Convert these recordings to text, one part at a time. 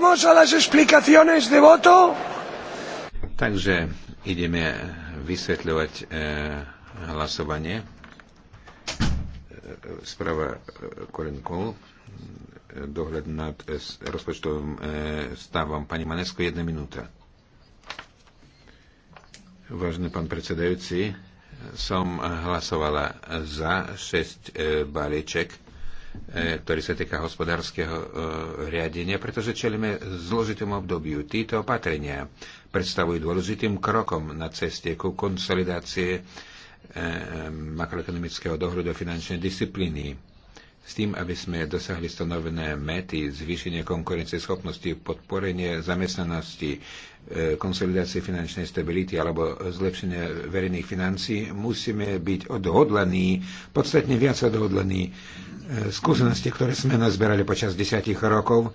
Vamos a las explicaciones de voto. Takže ideme vysvetľovať e, hlasovanie. Eh, správa eh, Korenkov, dohľad nad rozpočtovým stavom. Pani Manesko, jedna minúta. Vážený pán predsedajúci, som hlasovala za 6 balíček E, ktorý sa týka hospodárskeho e, riadenia, pretože čelíme zložitému obdobiu. Títo opatrenia predstavujú dôležitým krokom na ceste ku konsolidácie e, makroekonomického dohľadu finančnej disciplíny s tým, aby sme dosahli stanovené mety, zvýšenie konkurencieschopnosti, podporenie zamestnanosti, e, konsolidácie finančnej stability alebo zlepšenie verejných financí, musíme byť odhodlaní, podstatne viac odhodlaní. E, skúsenosti, ktoré sme nazberali počas desiatich rokov, e,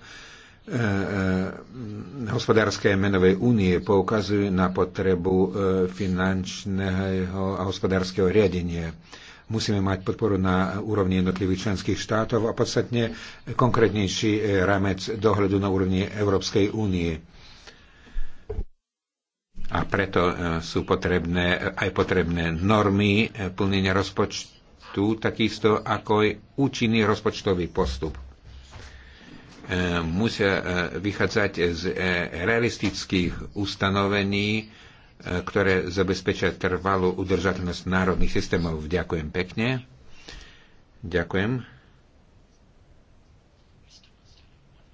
hospodárskej menovej únie poukazujú na potrebu finančného a hospodárskeho riadenia. Musíme mať podporu na úrovni jednotlivých členských štátov a podstatne konkrétnejší e, rámec dohľadu na úrovni Európskej únie. A preto e, sú potrebné e, aj potrebné normy plnenia rozpočtu, takisto ako aj účinný rozpočtový postup musia vychádzať z realistických ustanovení ktoré zabezpečia trvalú udržateľnosť národných systémov. Ďakujem pekne. Ďakujem.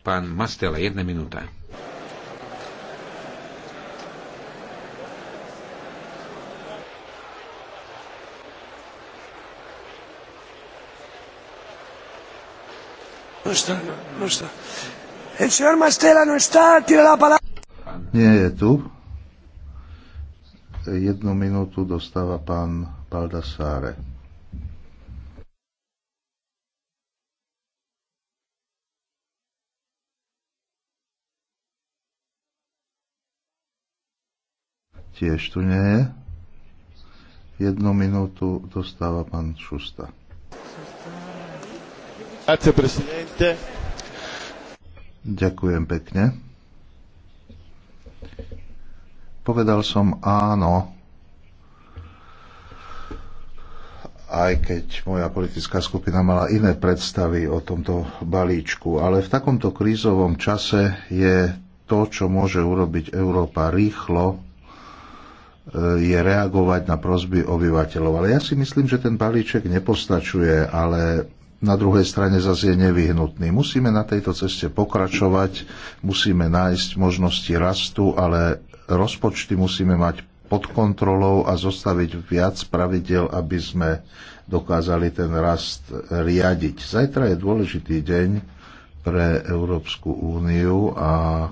Pán Mastela, jedna minúta. No no no Nie je tu. Jednu minútu dostáva pán Baldassare. Tiež tu nie je. Jednu minútu dostáva pán Šusta. Ďakujem pekne. Povedal som áno, aj keď moja politická skupina mala iné predstavy o tomto balíčku. Ale v takomto krízovom čase je to, čo môže urobiť Európa rýchlo, eh, je reagovať na prozby obyvateľov. Ale ja si myslím, že ten balíček nepostačuje, ale na druhej strane zase je nevyhnutný. Musíme na tejto ceste pokračovať, musíme nájsť možnosti rastu, ale rozpočty musíme mať pod kontrolou a zostaviť viac pravidel, aby sme dokázali ten rast riadiť. Zajtra je dôležitý deň pre Európsku úniu a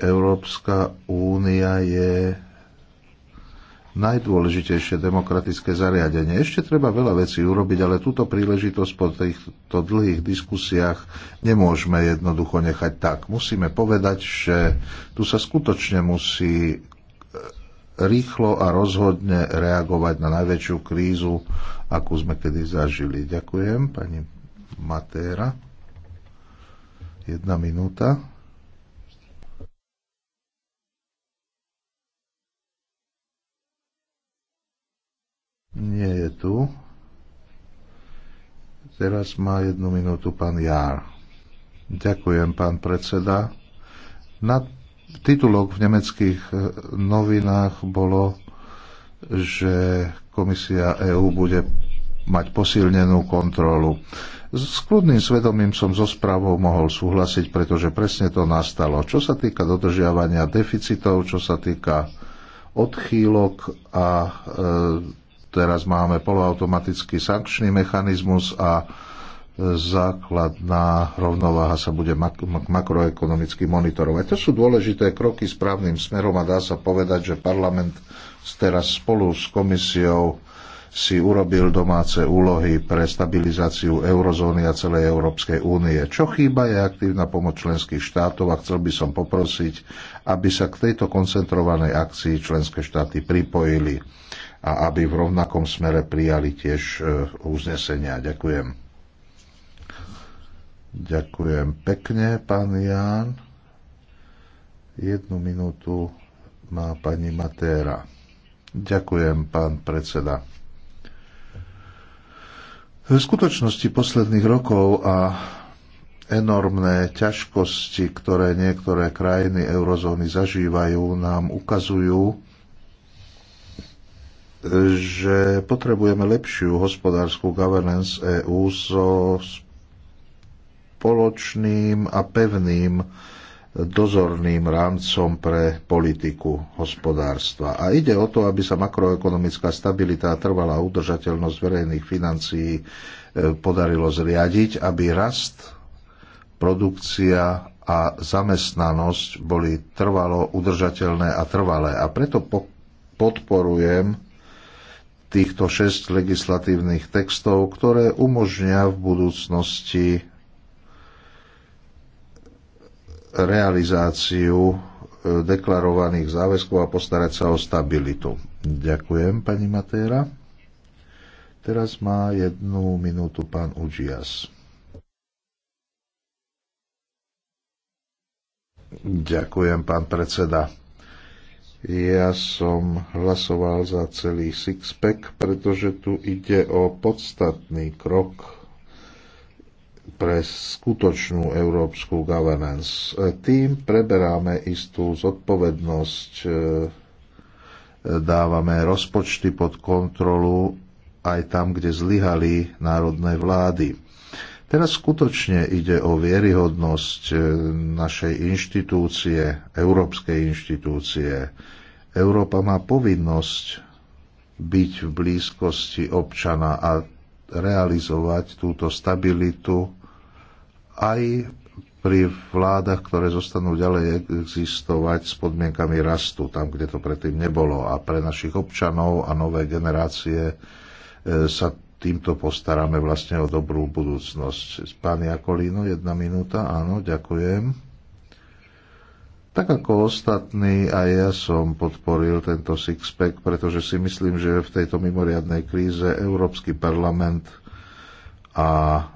Európska únia je najdôležitejšie demokratické zariadenie. Ešte treba veľa vecí urobiť, ale túto príležitosť po týchto dlhých diskusiách nemôžeme jednoducho nechať tak. Musíme povedať, že tu sa skutočne musí e, rýchlo a rozhodne reagovať na najväčšiu krízu, akú sme kedy zažili. Ďakujem, pani Matéra. Jedna minúta. Nie je tu. Teraz má jednu minútu pán Jár. Ďakujem, pán predseda. Na titulok v nemeckých e, novinách bolo, že komisia EÚ bude mať posilnenú kontrolu. S kľudným svedomím som so správou mohol súhlasiť, pretože presne to nastalo. Čo sa týka dodržiavania deficitov, čo sa týka odchýlok a e, Teraz máme poloautomatický sankčný mechanizmus a e, základná rovnováha sa bude mak- mak- makroekonomicky monitorovať. To sú dôležité kroky správnym smerom a dá sa povedať, že parlament teraz spolu s komisiou si urobil domáce úlohy pre stabilizáciu eurozóny a celej Európskej únie. Čo chýba je aktívna pomoc členských štátov a chcel by som poprosiť, aby sa k tejto koncentrovanej akcii členské štáty pripojili a aby v rovnakom smere prijali tiež e, uznesenia. Ďakujem. Ďakujem pekne, pán Ján. Jednu minútu má pani Matéra. Ďakujem, pán predseda. V skutočnosti posledných rokov a enormné ťažkosti, ktoré niektoré krajiny eurozóny zažívajú, nám ukazujú, že potrebujeme lepšiu hospodárskú governance EÚ so spoločným a pevným dozorným rámcom pre politiku hospodárstva. A ide o to, aby sa makroekonomická stabilita a trvalá udržateľnosť verejných financií e, podarilo zriadiť, aby rast, produkcia a zamestnanosť boli trvalo udržateľné a trvalé. A preto podporujem týchto šesť legislatívnych textov, ktoré umožnia v budúcnosti realizáciu e, deklarovaných záväzkov a postarať sa o stabilitu. Ďakujem, pani Matéra. Teraz má jednu minútu pán Udžias. Ďakujem, pán predseda. Ja som hlasoval za celý sixpack, pretože tu ide o podstatný krok pre skutočnú európsku governance. E, tým preberáme istú zodpovednosť, e, dávame rozpočty pod kontrolu aj tam, kde zlyhali národné vlády. Teraz skutočne ide o vieryhodnosť e, našej inštitúcie, európskej inštitúcie. Európa má povinnosť byť v blízkosti občana a realizovať túto stabilitu aj pri vládach, ktoré zostanú ďalej existovať s podmienkami rastu, tam, kde to predtým nebolo. A pre našich občanov a nové generácie e, sa týmto postaráme vlastne o dobrú budúcnosť. Pán Jakolino, jedna minúta, áno, ďakujem. Tak ako ostatní, aj ja som podporil tento six-pack, pretože si myslím, že v tejto mimoriadnej kríze Európsky parlament a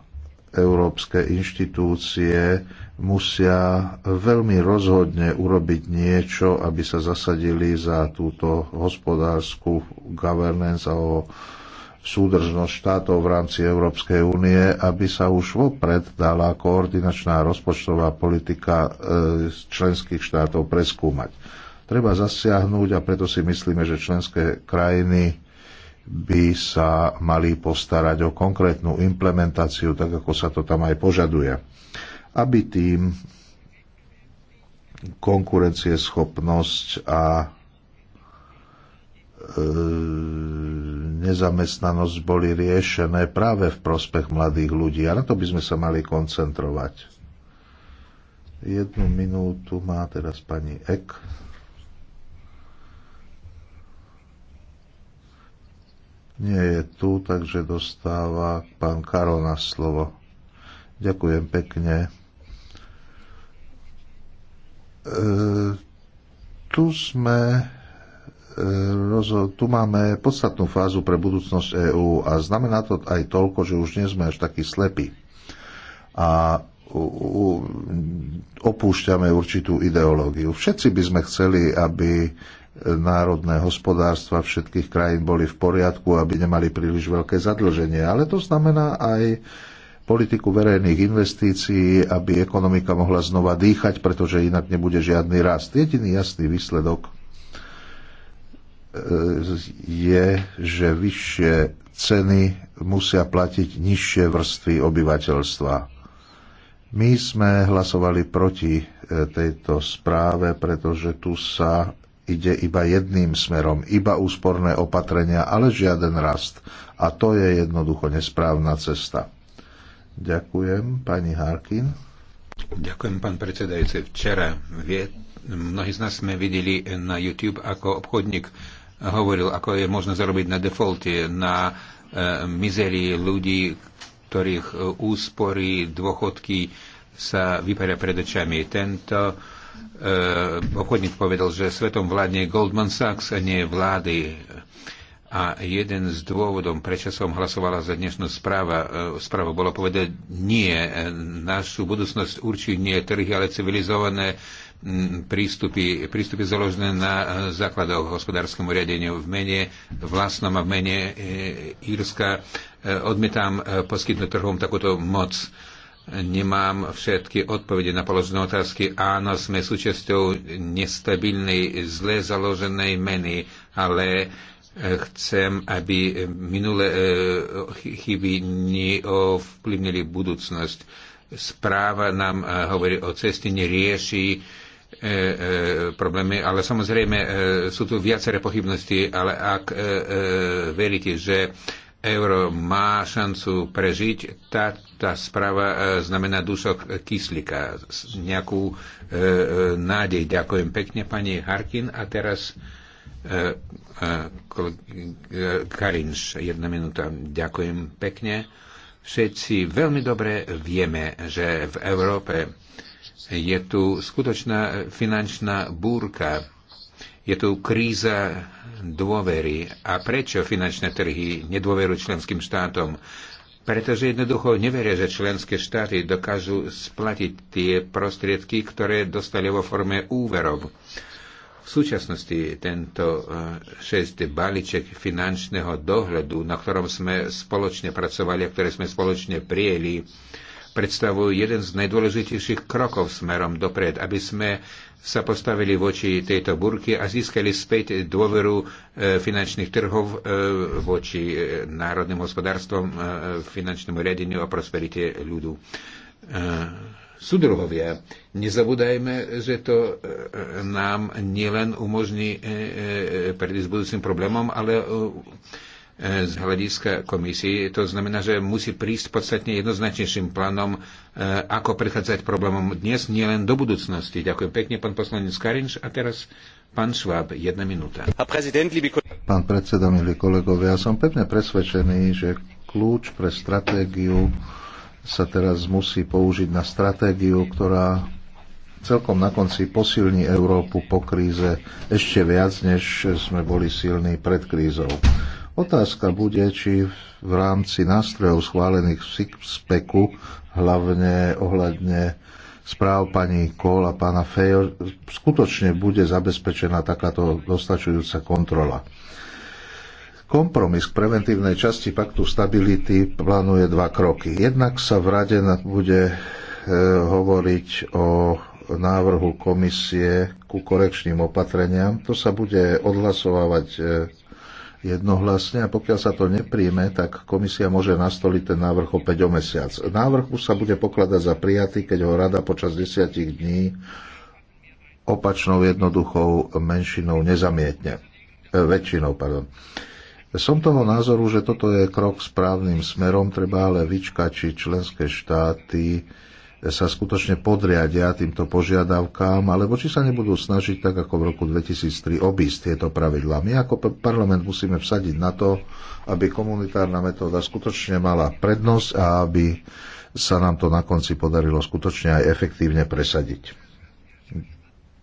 európske inštitúcie musia veľmi rozhodne urobiť niečo, aby sa zasadili za túto hospodárskú governance a o súdržnosť štátov v rámci Európskej únie, aby sa už vopred dala koordinačná rozpočtová politika e, členských štátov preskúmať. Treba zasiahnuť a preto si myslíme, že členské krajiny by sa mali postarať o konkrétnu implementáciu, tak ako sa to tam aj požaduje. Aby tým konkurencieschopnosť a E, nezamestnanosť boli riešené práve v prospech mladých ľudí. A na to by sme sa mali koncentrovať. Jednu minútu má teraz pani Ek. Nie je tu, takže dostáva pán Karol na slovo. Ďakujem pekne. E, tu sme tu máme podstatnú fázu pre budúcnosť EÚ a znamená to aj toľko, že už nie sme až takí slepí. A opúšťame určitú ideológiu. Všetci by sme chceli, aby národné hospodárstva všetkých krajín boli v poriadku, aby nemali príliš veľké zadlženie. Ale to znamená aj politiku verejných investícií, aby ekonomika mohla znova dýchať, pretože inak nebude žiadny rast. Jediný jasný výsledok je, že vyššie ceny musia platiť nižšie vrstvy obyvateľstva. My sme hlasovali proti e, tejto správe, pretože tu sa ide iba jedným smerom, iba úsporné opatrenia, ale žiaden rast. A to je jednoducho nesprávna cesta. Ďakujem, pani Harkin. Ďakujem, pán predsedajúci. Včera vie, mnohí z nás sme videli na YouTube, ako obchodník hovoril, ako je možné zarobiť na defaulte, na e, mizerii ľudí, ktorých e, úspory, dôchodky sa vyparia pred očami. Tento e, obchodník povedal, že svetom vládne Goldman Sachs a nie vlády. A jeden z dôvodom, prečo som hlasovala za dnešnú správa, správa bolo povedať nie. Našu budúcnosť určite nie trhy, ale civilizované prístupy, prístupy založené na e, základoch hospodárskému riadeniu v mene vlastnom a v mene e, Írska. E, odmietam poskytnúť trhom takúto moc. Nemám všetky odpovede na položené otázky. Áno, sme súčasťou nestabilnej, zle založenej meny, ale chcem, aby minulé chyby neovplyvnili budúcnosť. Správa nám hovorí o ceste, nerieši E, e, problémy, ale samozrejme e, sú tu viaceré pochybnosti, ale ak veríte, že euro má šancu prežiť, tá, tá správa znamená dušok kyslíka, nejakú nádej. Ďakujem pekne, pani Harkin. A teraz Karinš, jedna minúta. Ďakujem pekne. Všetci veľmi dobre vieme, že v Európe je tu skutočná e, finančná búrka. Je tu kríza dôvery. A prečo finančné trhy nedôverujú členským štátom? Pretože jednoducho neveria, že členské štáty dokážu splatiť tie prostriedky, ktoré dostali vo forme úverov. V súčasnosti tento e, šest balíček finančného dohľadu, na ktorom sme spoločne pracovali a ktoré sme spoločne prijeli, predstavujú jeden z najdôležitejších krokov smerom dopred, aby sme sa postavili voči tejto burke a získali späť dôveru e, finančných trhov e, voči e, národným hospodárstvom, finančnému riadeniu a prosperite ľudu. Sudruhovia, nezabúdajme, že to nám nielen umožní predísť budúcim problémom, ale z hľadiska komisie. To znamená, že musí prísť podstatne jednoznačnejším plánom, e, ako prechádzať problémom dnes, nielen do budúcnosti. Ďakujem pekne, pán poslanec Karinš. A teraz pán Šváb, jedna minúta. Pán predseda, milí kolegovia, ja som pevne presvedčený, že kľúč pre stratégiu sa teraz musí použiť na stratégiu, ktorá celkom na konci posilní Európu po kríze ešte viac, než sme boli silní pred krízou Otázka bude, či v rámci nástrojov schválených v SIGSPECu, hlavne ohľadne správ pani Kohl a pána Fejo, skutočne bude zabezpečená takáto dostačujúca kontrola. Kompromis k preventívnej časti paktu stability plánuje dva kroky. Jednak sa v rade bude e, hovoriť o návrhu komisie ku korekčným opatreniam. To sa bude odhlasovávať e, jednohlasne a pokiaľ sa to nepríjme, tak komisia môže nastoliť ten návrh opäť o mesiac. Návrh už sa bude pokladať za prijatý, keď ho rada počas desiatich dní opačnou jednoduchou menšinou nezamietne. E, väčšinou, pardon. Som toho názoru, že toto je krok správnym smerom, treba ale vyčkať, či členské štáty sa skutočne podriadia týmto požiadavkám, alebo či sa nebudú snažiť tak ako v roku 2003 obísť tieto pravidlá. My ako parlament musíme vsadiť na to, aby komunitárna metóda skutočne mala prednosť a aby sa nám to na konci podarilo skutočne aj efektívne presadiť.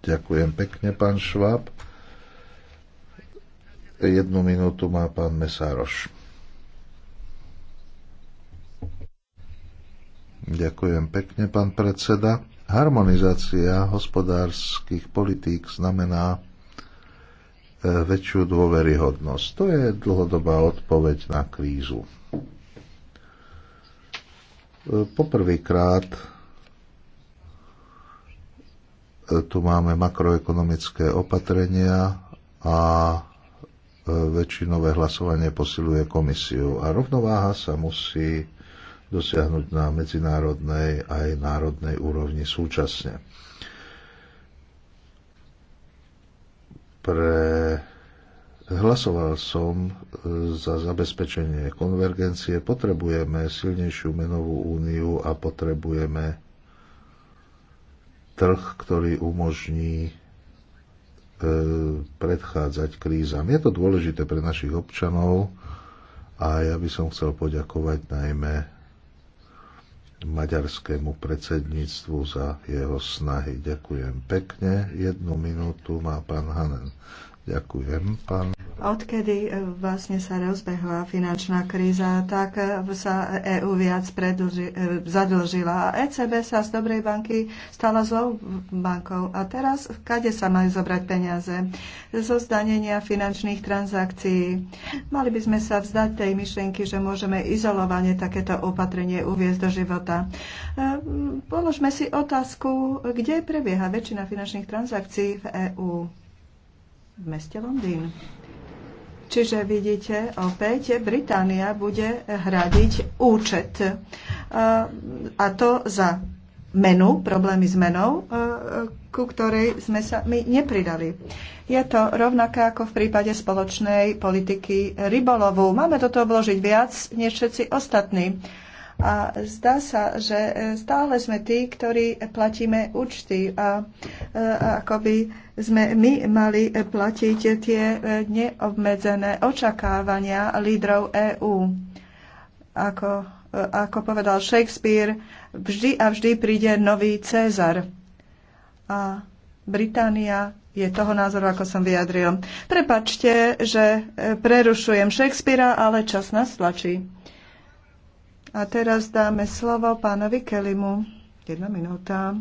Ďakujem pekne, pán Šváb. Jednu minútu má pán Mesároš. Ďakujem pekne, pán predseda. Harmonizácia hospodárskych politík znamená e, väčšiu dôveryhodnosť. To je dlhodobá odpoveď na krízu. E, poprvýkrát e, tu máme makroekonomické opatrenia a väčšinové hlasovanie posiluje komisiu. A rovnováha sa musí dosiahnuť na medzinárodnej aj národnej úrovni súčasne. Pre Hlasoval som e, za zabezpečenie konvergencie. Potrebujeme silnejšiu menovú úniu a potrebujeme trh, ktorý umožní e, predchádzať krízam. Je to dôležité pre našich občanov a ja by som chcel poďakovať najmä maďarskému predsedníctvu za jeho snahy. Ďakujem pekne. Jednu minútu má pán Hanen. Ďakujem, pán Odkedy eh, vlastne sa rozbehla finančná kríza, tak eh, sa EU viac predlži, eh, zadlžila a ECB sa z dobrej banky stala zlou bankou. A teraz kade sa majú zobrať peniaze? Zo zdanenia finančných transakcií. Mali by sme sa vzdať tej myšlienky, že môžeme izolovane takéto opatrenie uviezť do života. Položme si otázku, kde prebieha väčšina finančných transakcií v EÚ? V meste Londýn. Čiže vidíte, opäť Británia bude hradiť účet. E, a to za menu, problémy s menou, e, ku ktorej sme sa my nepridali. Je to rovnaké ako v prípade spoločnej politiky rybolovu. Máme do toho vložiť viac než všetci ostatní. A zdá sa, že e, stále sme tí, ktorí platíme účty a, e, a akoby sme my mali platiť tie e, neobmedzené očakávania lídrov EÚ. Ako, ako povedal Shakespeare, vždy a vždy príde nový Cezar. A Británia je toho názoru, ako som vyjadril. Prepačte, že prerušujem Shakespearea, ale čas nás tlačí. A teraz dáme slovo pánovi Kelimu. Jedna minúta.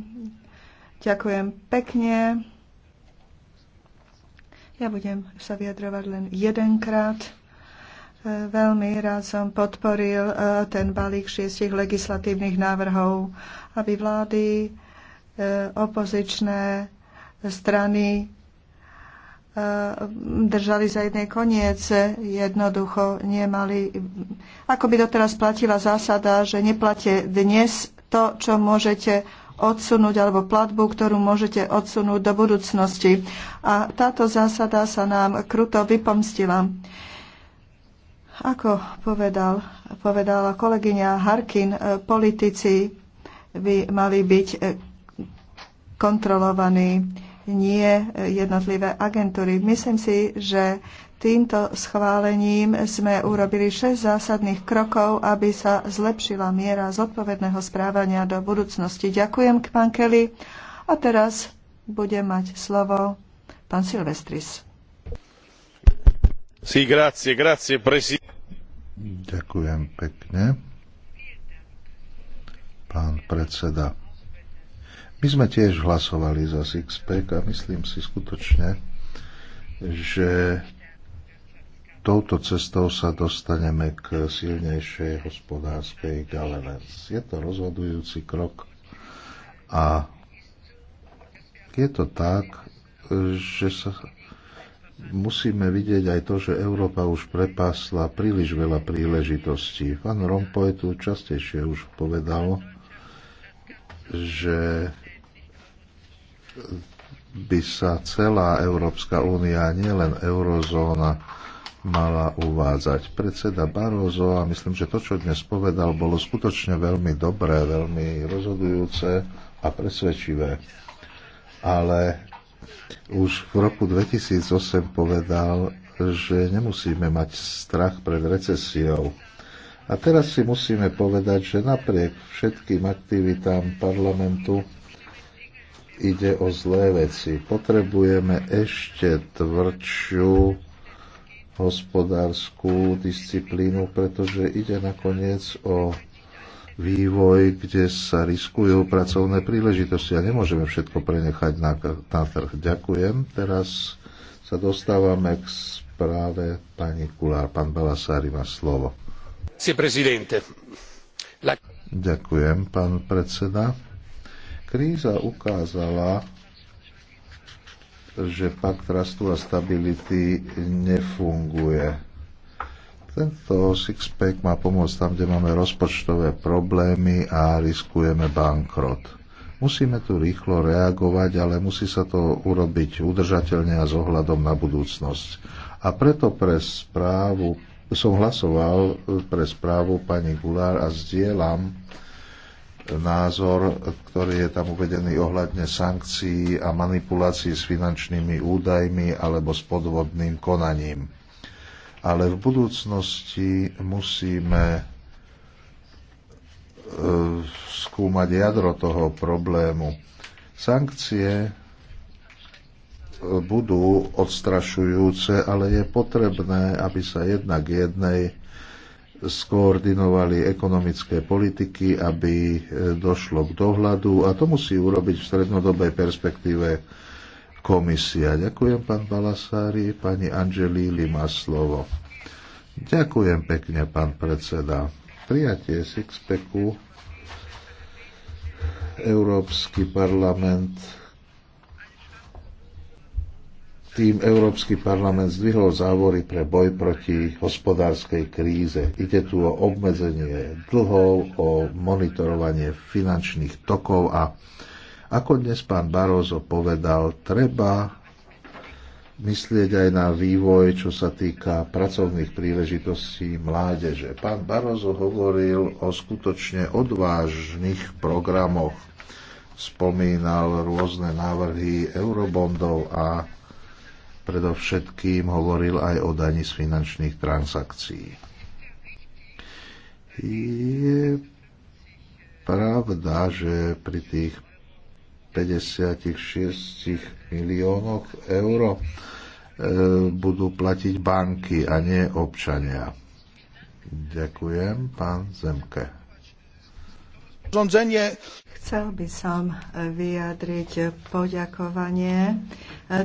Ďakujem pekne. Ja budem sa vyjadrovať len jedenkrát. E, veľmi rád som podporil e, ten balík šiestich legislatívnych návrhov, aby vlády, e, opozičné strany držali za jednej koniec, jednoducho nemali, ako by doteraz platila zásada, že neplate dnes to, čo môžete odsunúť, alebo platbu, ktorú môžete odsunúť do budúcnosti. A táto zásada sa nám kruto vypomstila. Ako povedal, povedala kolegyňa Harkin, e, politici by mali byť e, kontrolovaní nie jednotlivé agentúry. Myslím si, že týmto schválením sme urobili 6 zásadných krokov, aby sa zlepšila miera zodpovedného správania do budúcnosti. Ďakujem, pán Kelly. A teraz bude mať slovo pán Silvestris. Sí, grazie, grazie, presi... Ďakujem pekne. Pán predseda, my sme tiež hlasovali za Sixpack a myslím si skutočne, že touto cestou sa dostaneme k silnejšej hospodárskej governance. Je to rozhodujúci krok a je to tak, že sa musíme vidieť aj to, že Európa už prepásla príliš veľa príležitostí. Pán Rompoy tu častejšie už povedal, že by sa celá Európska únia, nielen eurozóna, mala uvádzať. Predseda Barozo, a myslím, že to, čo dnes povedal, bolo skutočne veľmi dobré, veľmi rozhodujúce a presvedčivé. Ale už v roku 2008 povedal, že nemusíme mať strach pred recesiou. A teraz si musíme povedať, že napriek všetkým aktivitám parlamentu ide o zlé veci. Potrebujeme ešte tvrdšiu hospodárskú disciplínu, pretože ide nakoniec o vývoj, kde sa riskujú pracovné príležitosti a nemôžeme všetko prenechať na, na trh. Ďakujem. Teraz sa dostávame k správe pani Kulár. Pán Balasári má slovo. Ďakujem, pán predseda Kríza ukázala, že pakt rastu a stability nefunguje. Tento sixpack má pomôcť tam, kde máme rozpočtové problémy a riskujeme bankrot. Musíme tu rýchlo reagovať, ale musí sa to urobiť udržateľne a s ohľadom na budúcnosť. A preto pre správu som hlasoval pre správu pani Gulár a zdieľam názor, ktorý je tam uvedený ohľadne sankcií a manipulácií s finančnými údajmi alebo s podvodným konaním. Ale v budúcnosti musíme e, skúmať jadro toho problému. Sankcie e, budú odstrašujúce, ale je potrebné, aby sa jednak jednej skoordinovali ekonomické politiky, aby e, došlo k dohľadu a to musí urobiť v strednodobej perspektíve komisia. Ďakujem pán Balasári, pani Angelíli má slovo. Ďakujem pekne, pán predseda. Prijatie Sixpacku Európsky parlament tým Európsky parlament zdvihol závory pre boj proti hospodárskej kríze. Ide tu o obmedzenie dlhov, o monitorovanie finančných tokov a ako dnes pán Barozo povedal, treba myslieť aj na vývoj, čo sa týka pracovných príležitostí mládeže. Pán Barozo hovoril o skutočne odvážnych programoch, spomínal rôzne návrhy eurobondov a predovšetkým hovoril aj o daní z finančných transakcií. Je pravda, že pri tých 56 miliónoch eur e, budú platiť banky a nie občania. Ďakujem, pán Zemke. Chcel by som vyjadriť poďakovanie.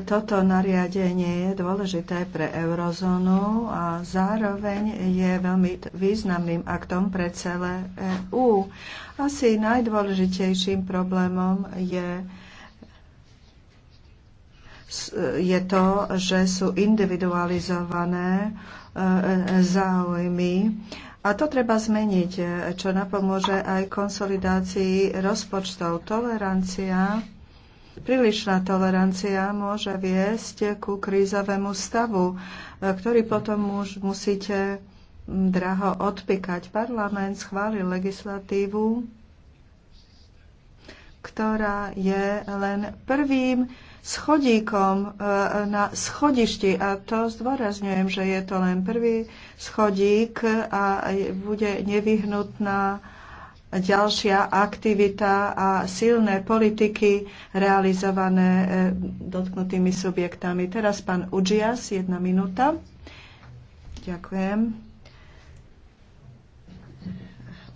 Toto nariadenie je dôležité pre eurozónu a zároveň je veľmi významným aktom pre celé EÚ. Asi najdôležitejším problémom je je to, že sú individualizované e, e, záujmy a to treba zmeniť, čo napomôže aj konsolidácii rozpočtov. Tolerancia, prílišná tolerancia môže viesť ku krízovému stavu, ktorý potom už musíte draho odpikať. Parlament schválil legislatívu, ktorá je len prvým schodíkom e, na schodišti a to zdôrazňujem, že je to len prvý schodík a bude nevyhnutná ďalšia aktivita a silné politiky realizované e, dotknutými subjektami. Teraz pán Udžias, jedna minúta. Ďakujem.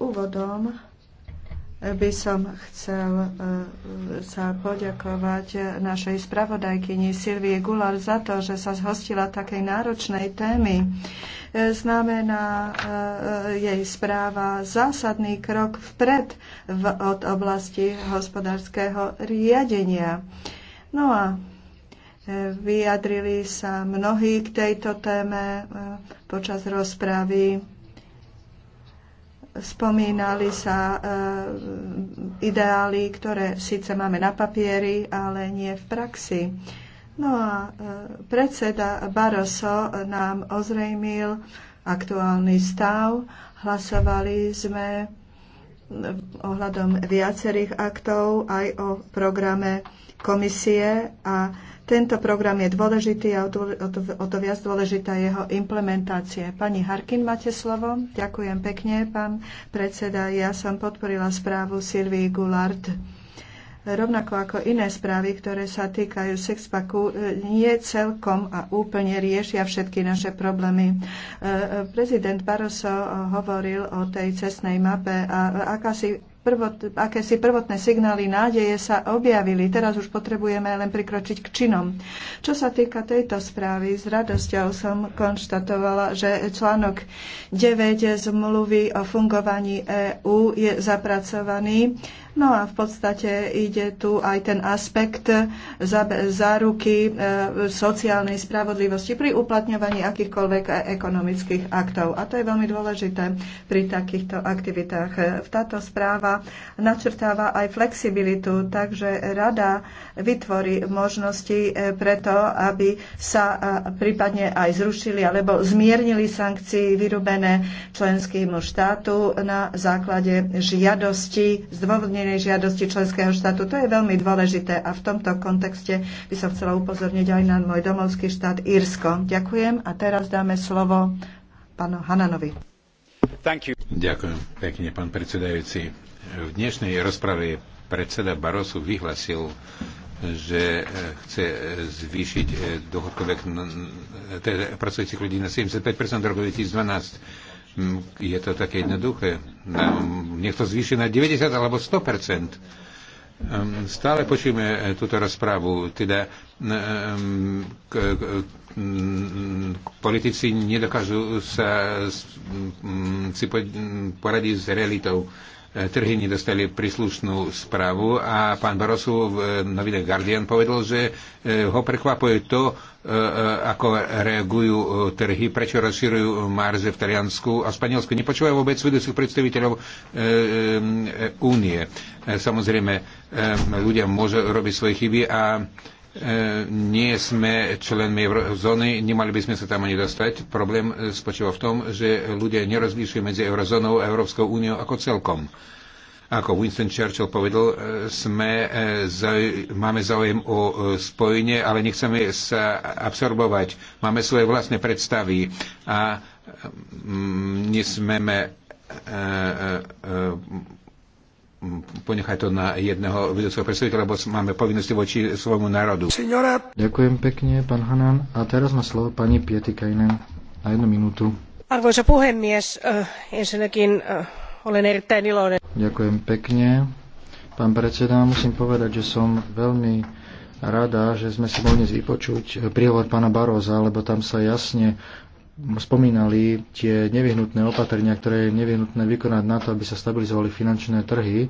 Úvodom by som chcel e, sa poďakovať našej spravodajkyni Silvie Gular za to, že sa zhostila takej náročnej témy. E, znamená e, jej správa zásadný krok vpred v, od oblasti hospodárskeho riadenia. No a vyjadrili sa mnohí k tejto téme počas rozpravy spomínali sa e, ideály, ktoré síce máme na papieri, ale nie v praxi. No a e, predseda Barroso nám ozrejmil aktuálny stav. Hlasovali sme e, ohľadom viacerých aktov aj o programe komisie a tento program je dôležitý a o to, viac dôležitá jeho implementácia. Pani Harkin, máte slovo. Ďakujem pekne, pán predseda. Ja som podporila správu Silvii Goulart rovnako ako iné správy, ktoré sa týkajú sexpaku, nie celkom a úplne riešia všetky naše problémy. E, prezident Barroso hovoril o tej cestnej mape a akási prvot, akési prvotné signály nádeje sa objavili. Teraz už potrebujeme len prikročiť k činom. Čo sa týka tejto správy, s radosťou som konštatovala, že článok 9 zmluvy o fungovaní EÚ je zapracovaný No a v podstate ide tu aj ten aspekt záruky e, sociálnej spravodlivosti pri uplatňovaní akýchkoľvek e- ekonomických aktov. A to je veľmi dôležité pri takýchto aktivitách. E, táto správa načrtáva aj flexibilitu, takže rada vytvorí možnosti preto, aby sa prípadne aj zrušili alebo zmiernili sankcii vyrobené členskému štátu na základe žiadosti zdôvodne odôvodnenej žiadosti členského štátu. To je veľmi dôležité a v tomto kontexte by som chcela upozorniť aj na môj domovský štát Írsko. Ďakujem a teraz dáme slovo pánu Hananovi. Ďakujem pekne, pán predsedajúci. V dnešnej rozprave predseda Barosu vyhlasil, že eh, chce eh, zvýšiť eh, dohodkovek teda pracujúcich ľudí na 75% roku 2012 Hm, je to také jednoduché. Nech to zvýši na 90 alebo 100 hm, Stále počujeme eh, túto rozprávu. Teda hm, politici nedokážu sa si poradiť s realitou. E, trhy nedostali príslušnú správu a pán Barosu v e, novinách Guardian povedal, že e, ho prekvapuje to, ako reagujú trhy, prečo rozširujú marže v Taliansku a Španielsku. Nepočúvajú vôbec vedúcich predstaviteľov únie. Samozrejme, ľudia môžu robiť svoje chyby a E, nie sme členmi eurozóny, nemali by sme sa tam ani dostať. Problém e, spočíva v tom, že ľudia nerozlišujú medzi eurozónou a Európskou úniou ako celkom. Ako Winston Churchill povedal, e, sme, máme záujem o spojenie, ale nechceme sa absorbovať. Máme svoje vlastné predstavy a mm, nesmeme ponechať to na jedného vedúceho predstaviteľa, lebo máme povinnosti voči svojmu národu. Signora... Ďakujem pekne, pán Hanan. A teraz má slovo pani Pieti Pietikainen na jednu minútu. Arvoisa puhemies, uh, ensinnäkin uh, olen erittäin iloinen. Ďakujem pekne. Pán predseda, musím povedať, že som veľmi rada, že sme si mohli dnes vypočuť eh, príhovor pána Baroza, lebo tam sa jasne spomínali tie nevyhnutné opatrenia, ktoré je nevyhnutné vykonať na to, aby sa stabilizovali finančné trhy.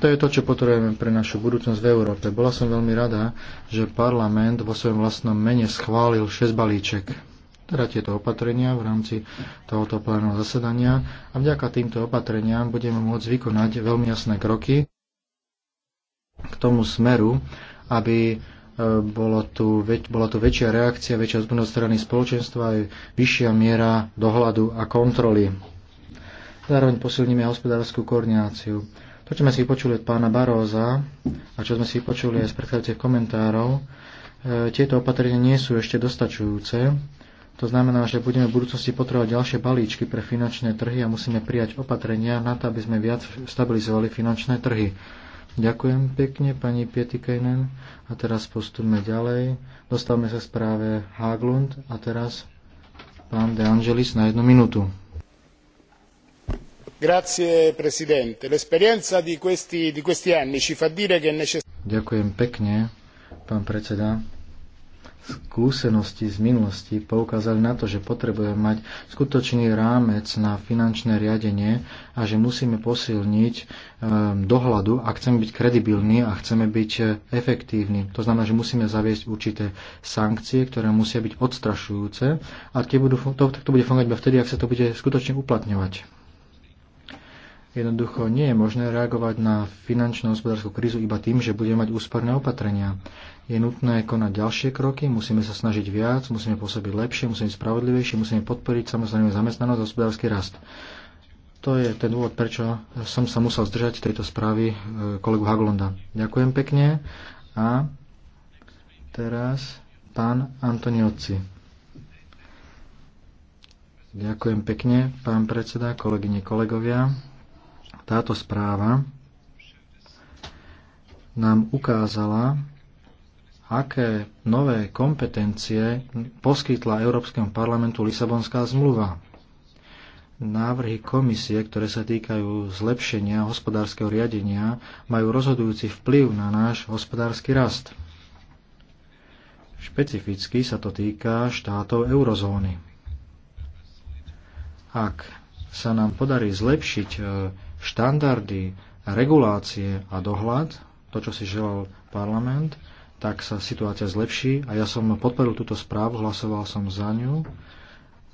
To je to, čo potrebujeme pre našu budúcnosť v Európe. Bola som veľmi rada, že parlament vo svojom vlastnom mene schválil 6 balíček teda tieto opatrenia v rámci tohoto plénu zasedania a vďaka týmto opatreniam budeme môcť vykonať veľmi jasné kroky k tomu smeru, aby bolo tu, bola tu väčšia reakcia, väčšia zbudnosť strany spoločenstva, aj vyššia miera dohľadu a kontroly. Zároveň posilníme hospodárskú koordináciu. To, čo sme si počuli od pána Baróza a čo sme si počuli aj z predchádzajúcich komentárov, e, tieto opatrenia nie sú ešte dostačujúce. To znamená, že budeme v budúcnosti potrebovať ďalšie balíčky pre finančné trhy a musíme prijať opatrenia na to, aby sme viac stabilizovali finančné trhy. Ďakujem pekne pani Pietikejnen a teraz postupme ďalej. Dostávame sa správe Haglund a teraz pán De Angelis na jednu minútu. Grazie Presidente. L'esperienza di questi, di questi anni ci fa dire che è necessario... Ďakujem pekne, pán predseda skúsenosti z minulosti poukázali na to, že potrebujeme mať skutočný rámec na finančné riadenie a že musíme posilniť ehm, dohľadu, a chceme byť kredibilní a chceme byť efektívni. To znamená, že musíme zaviesť určité sankcie, ktoré musia byť odstrašujúce a budú, to, to bude fungovať iba vtedy, ak sa to bude skutočne uplatňovať. Jednoducho nie je možné reagovať na finančnú hospodárskú krízu iba tým, že budeme mať úsporné opatrenia je nutné konať ďalšie kroky, musíme sa snažiť viac, musíme pôsobiť lepšie, musíme byť spravodlivejšie, musíme podporiť samozrejme zamestnanosť a hospodársky rast. To je ten dôvod, prečo som sa musel zdržať tejto správy e, kolegu Haglonda. Ďakujem pekne a teraz pán Antoniocci. Ďakujem pekne, pán predseda, kolegyne, kolegovia. Táto správa nám ukázala, aké nové kompetencie poskytla Európskemu parlamentu Lisabonská zmluva. Návrhy komisie, ktoré sa týkajú zlepšenia hospodárskeho riadenia, majú rozhodujúci vplyv na náš hospodársky rast. Špecificky sa to týka štátov eurozóny. Ak sa nám podarí zlepšiť e, štandardy, regulácie a dohľad, to, čo si želal parlament, tak sa situácia zlepší a ja som podporil túto správu, hlasoval som za ňu.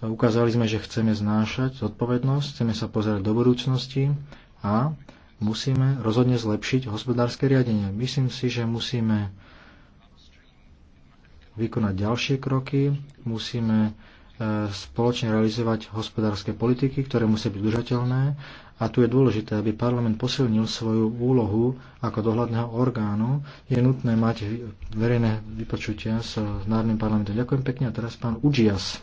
Ukázali sme, že chceme znášať zodpovednosť, chceme sa pozerať do budúcnosti a musíme rozhodne zlepšiť hospodárske riadenie. Myslím si, že musíme vykonať ďalšie kroky, musíme e, spoločne realizovať hospodárske politiky, ktoré musia byť udržateľné a tu je dôležité, aby parlament posilnil svoju úlohu ako dohľadného orgánu, je nutné mať verejné vypočutia s Národným parlamentom. Ďakujem pekne a teraz pán Udžias.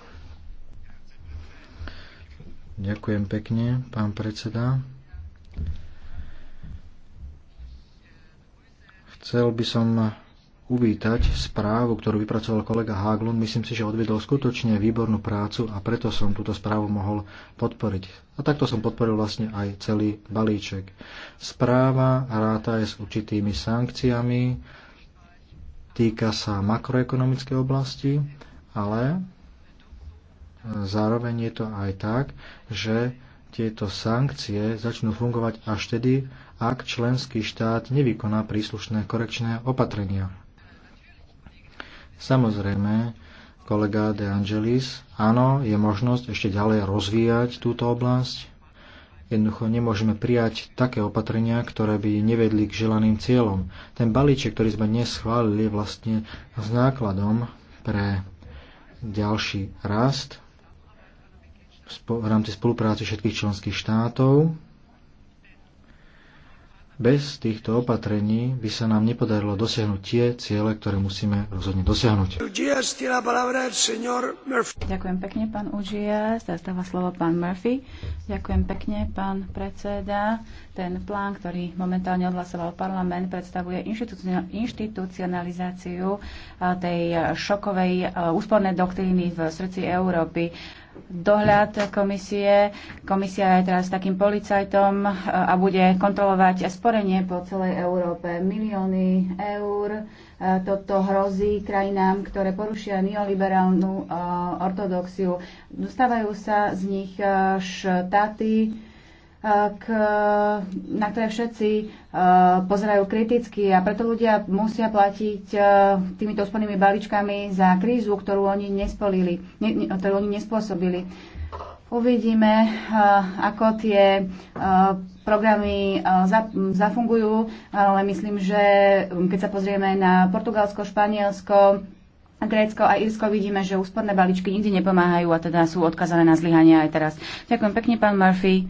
Ďakujem pekne, pán predseda. Chcel by som uvítať správu, ktorú vypracoval kolega Haglund. Myslím si, že odvedol skutočne výbornú prácu a preto som túto správu mohol podporiť. A takto som podporil vlastne aj celý balíček. Správa ráta je s určitými sankciami, týka sa makroekonomickej oblasti, ale zároveň je to aj tak, že tieto sankcie začnú fungovať až tedy, ak členský štát nevykoná príslušné korekčné opatrenia. Samozrejme, kolega De Angelis, áno, je možnosť ešte ďalej rozvíjať túto oblasť. Jednoducho nemôžeme prijať také opatrenia, ktoré by nevedli k želaným cieľom. Ten balíček, ktorý sme dnes schválili, je vlastne s nákladom pre ďalší rast v rámci spolupráce všetkých členských štátov bez týchto opatrení by sa nám nepodarilo dosiahnuť tie ciele, ktoré musíme rozhodne dosiahnuť. Ďakujem pekne, pán užia. Zastáva slovo pán Murphy. Ďakujem pekne, pán predseda. Ten plán, ktorý momentálne odhlasoval parlament, predstavuje inštitucionalizáciu tej šokovej úspornej doktríny v srdci Európy dohľad komisie. Komisia je teraz takým policajtom e, a bude kontrolovať sporenie po celej Európe. Milióny eur e, toto hrozí krajinám, ktoré porušia neoliberálnu e, ortodoxiu. Dostávajú sa z nich štáty, k, na ktoré všetci e, pozerajú kriticky a preto ľudia musia platiť e, týmito úspornými balíčkami za krízu, ktorú oni, nespolili, ne, ktorú oni nespôsobili. Uvidíme, e, ako tie programy zafungujú, ale myslím, že keď sa pozrieme na Portugalsko, Španielsko, Grécko a Írsko vidíme, že úsporné balíčky nikdy nepomáhajú a teda sú odkazané na zlyhania aj teraz. Ďakujem pekne, pán Murphy.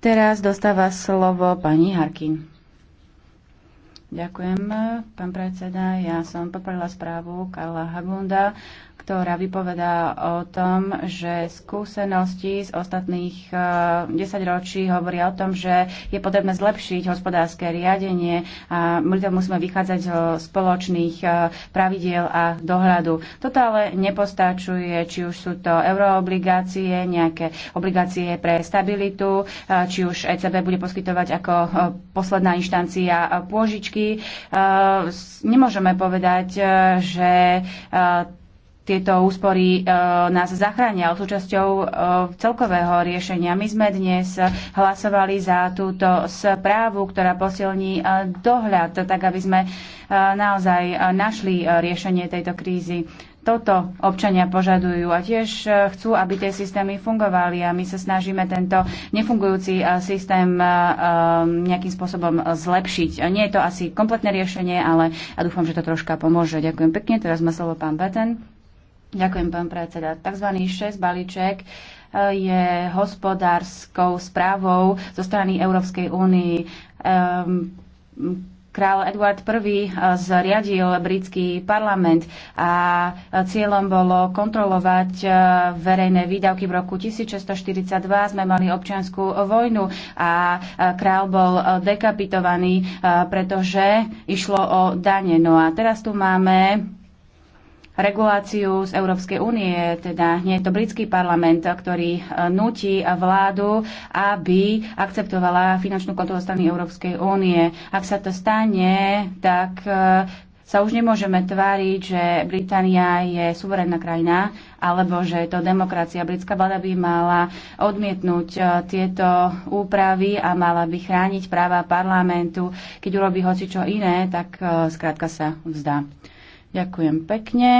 Teraz dostáva slovo pani Harkin. Ďakujem, pán predseda. Ja som poprela správu Karla Hagunda ktorá vypovedá o tom, že skúsenosti z ostatných 10 eh, ročí hovoria o tom, že je potrebné zlepšiť hospodárske riadenie a my to musíme vychádzať zo spoločných eh, pravidiel a dohľadu. Toto ale nepostačuje, či už sú to euroobligácie, nejaké obligácie pre stabilitu, eh, či už ECB bude poskytovať ako posledná inštancia pôžičky. Nemôžeme povedať, že tieto úspory e, nás zachránia, ale súčasťou e, celkového riešenia. My sme dnes hlasovali za túto správu, ktorá posilní e, dohľad, tak aby sme naozaj našli riešenie tejto krízy. Toto občania požadujú a tiež chcú, aby tie systémy fungovali a my sa snažíme tento nefungujúci systém nejakým spôsobom zlepšiť. Nie je to asi kompletné riešenie, ale a dúfam, že to troška pomôže. Ďakujem pekne. Teraz má slovo pán Beten. Ďakujem, pán predseda. Takzvaný 6 balíček e, je hospodárskou správou zo strany Európskej únii. Ehm, král Edward I e, zriadil britský parlament a e, cieľom bolo kontrolovať verejné výdavky. V roku 1642 sme mali občianskú vojnu a král bol dekapitovaný, pretože išlo o dane. No a teraz tu máme reguláciu z Európskej únie, teda nie je to britský parlament, ktorý e, nutí vládu, aby akceptovala finančnú kontrolu strany Európskej únie. Ak sa to stane, tak e, sa už nemôžeme tváriť, že Británia je suverénna krajina, alebo že je to demokracia. Britská vláda by mala odmietnúť e, tieto úpravy a mala by chrániť práva parlamentu. Keď urobí hoci čo iné, tak skrátka sa vzdá. Ďakujem pekne.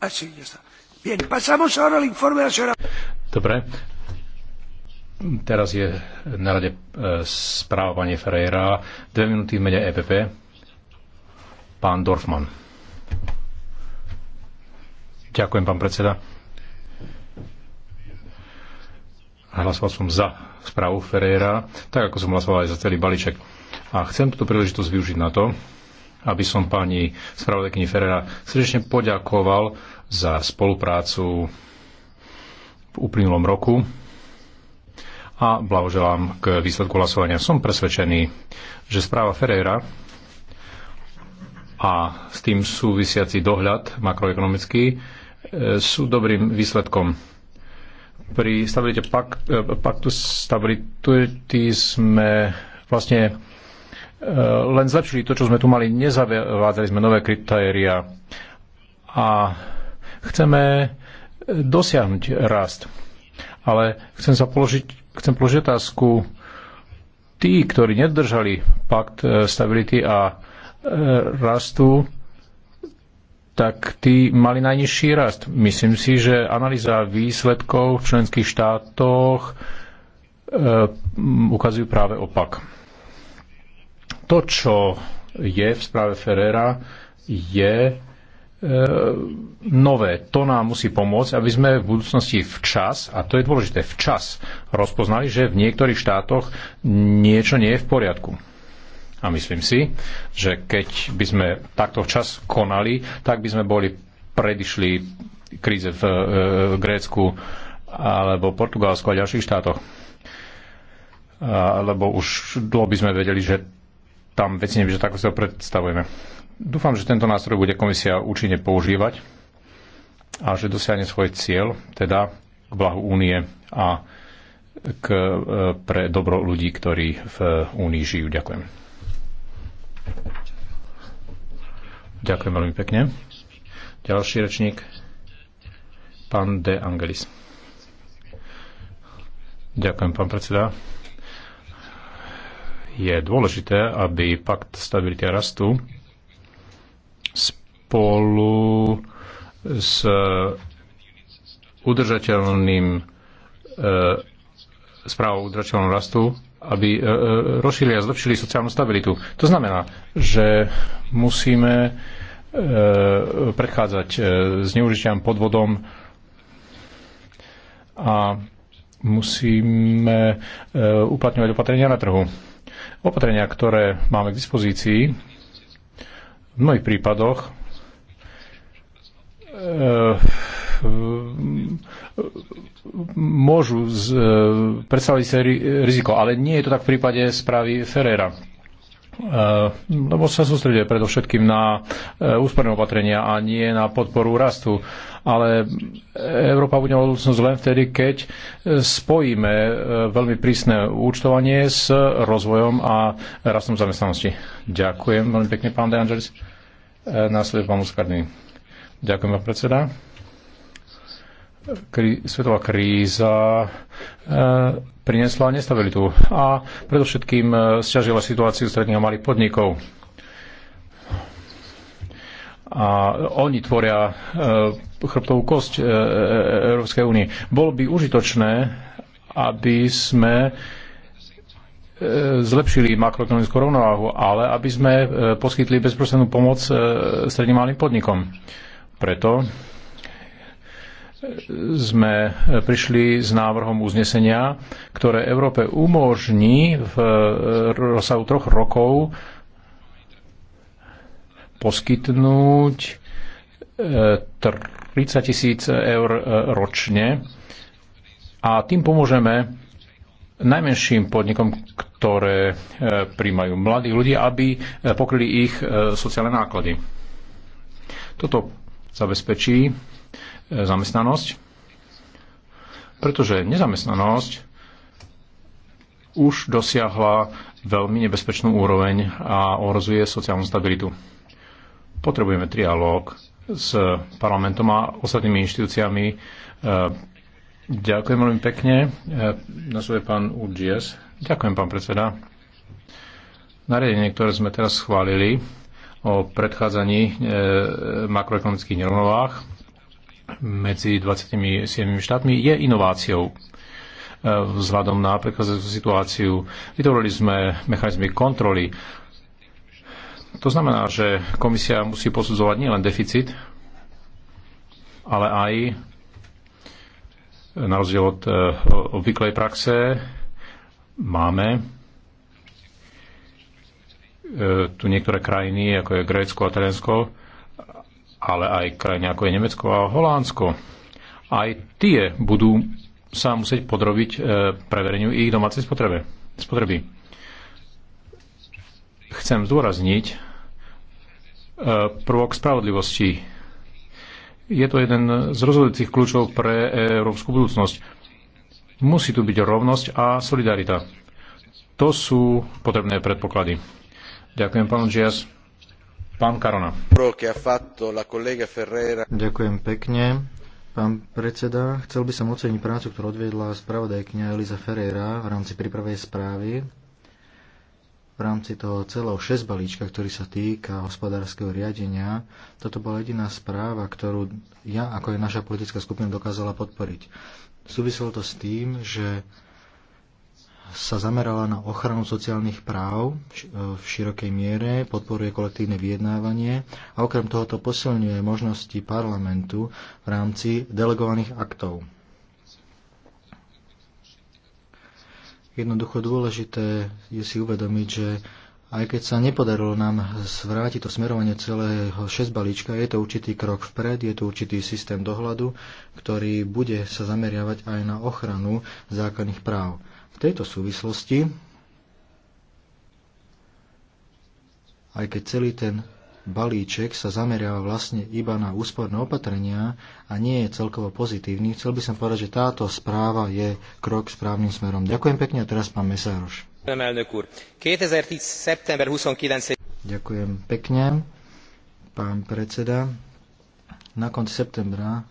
Ah, Dobre. Teraz je na rade eh, správa pani Ferreira. Dve minúty v mene EPP. Pán Dorfman. Ďakujem, pán predseda. Hlasoval som za správu Ferreira, tak ako som hlasoval aj za celý balíček. A chcem túto príležitosť využiť na to, aby som pani spravodajkyni Ferrera srdečne poďakoval za spoluprácu v uplynulom roku a blahoželám k výsledku hlasovania. Som presvedčený, že správa Ferreira a s tým súvisiaci dohľad makroekonomický e, sú dobrým výsledkom. Pri stabilite pak, e, paktu stability sme vlastne Eh, len zlepšili to, čo sme tu mali, nezavádzali sme nové kritéria a chceme eh, dosiahnuť rast. Ale chcem sa položiť, chcem položiť otázku, tí, ktorí nedržali pakt eh, stability a rastu, tak tí mali najnižší rast. Myslím si, že analýza výsledkov v členských štátoch ukazujú práve opak. To, čo je v správe Ferrera, je e, nové. To nám musí pomôcť, aby sme v budúcnosti včas, a to je dôležité, včas rozpoznali, že v niektorých štátoch niečo nie je v poriadku. A myslím si, že keď by sme takto včas konali, tak by sme boli predišli kríze v, e, v Grécku alebo Portugalsku a ďalších štátoch. Lebo už dlho by sme vedeli, že tam veci nevyžia tak, ako si ho predstavujeme. Dúfam, že tento nástroj bude komisia účinne používať a že dosiahne svoj cieľ, teda k blahu únie a k, e, pre dobro ľudí, ktorí v e, únii žijú. Ďakujem. Ďakujem veľmi pekne. Ďalší rečník, pán De Angelis. Ďakujem, pán predseda je dôležité, aby pakt stability a rastu spolu s e, udržateľným e, správou udržateľného rastu, aby e, e rozšili a zlepšili sociálnu stabilitu. To znamená, že musíme e, predchádzať e, zneužitiam podvodom a musíme e, uplatňovať opatrenia na trhu Opatrenia, ktoré máme k dispozícii, v mnohých prípadoch e, e, môžu e, predstaviť sa riziko, ale nie je to tak v prípade správy Ferrera Eh, lebo sa sústreduje predovšetkým na eh, úsporné opatrenia a nie na podporu rastu. Ale eh, Európa bude budúcnosť len vtedy, keď spojíme veľmi prísne účtovanie s rozvojom a rastom zamestnanosti. Ďakujem veľmi pekne, pán De Angelis. Následuje pán Muskardný. Ďakujem, pán predseda krí, svetová kríza e, priniesla nestabilitu a predovšetkým e, stiažila situáciu stredných a malých podnikov. A oni tvoria e, chrbtovú kosť e, e, e Európskej únie. Bolo by užitočné, aby sme e, zlepšili makroekonomickú rovnováhu, ale aby sme e, poskytli bezprostrednú pomoc stredným malým podnikom. Preto sme prišli s návrhom uznesenia, ktoré Európe umožní v rozsahu troch rokov poskytnúť 30 e, tisíc eur e, ročne a tým pomôžeme najmenším podnikom, ktoré e, príjmajú mladí ľudia, aby pokryli ich sociálne náklady. Toto zabezpečí zamestnanosť, pretože nezamestnanosť už dosiahla veľmi nebezpečnú úroveň a ohrozuje sociálnu stabilitu. Potrebujeme trialóg s parlamentom a ostatnými inštitúciami. E, ďakujem veľmi pekne. E, svoje pán UGS. Ďakujem, pán predseda. Nariadenie, ktoré sme teraz schválili o predchádzaní e, makroekonomických nerovnovách, medzi 27 štátmi je inováciou e, vzhľadom na prechádzajúcu situáciu. Vytvorili sme mechanizmy kontroly. To znamená, že komisia musí posudzovať nielen deficit, ale aj na rozdiel od e, obvyklej praxe máme e, tu niektoré krajiny, ako je Grécko a Taliansko, ale aj krajiny ako je Nemecko a Holandsko. Aj tie budú sa musieť podrobiť e, prevereniu ich domácej spotrebe, spotreby. Chcem zdôrazniť e, prvok spravodlivosti. Je to jeden z rozhodujúcich kľúčov pre európsku budúcnosť. Musí tu byť rovnosť a solidarita. To sú potrebné predpoklady. Ďakujem, pán Džias. Pán Karona. Ďakujem pekne. Pán predseda, chcel by som oceniť prácu, ktorú odviedla spravodajkňa Eliza Ferreira v rámci prípravej správy v rámci toho celého 6 balíčka, ktorý sa týka hospodárskeho riadenia, toto bola jediná správa, ktorú ja, ako aj naša politická skupina, dokázala podporiť. Súviselo to s tým, že sa zamerala na ochranu sociálnych práv e, v širokej miere, podporuje kolektívne vyjednávanie a okrem toho to posilňuje možnosti parlamentu v rámci delegovaných aktov. Jednoducho dôležité je si uvedomiť, že aj keď sa nepodarilo nám zvrátiť to smerovanie celého 6 balíčka, je to určitý krok vpred, je to určitý systém dohľadu, ktorý bude sa zameriavať aj na ochranu základných práv. V tejto súvislosti, aj keď celý ten balíček sa zameriava vlastne iba na úsporné opatrenia a nie je celkovo pozitívny, chcel by som povedať, že táto správa je krok správnym smerom. Ďakujem pekne a teraz pán Mesároš. Ďakujem pekne, pán predseda. Na konci septembra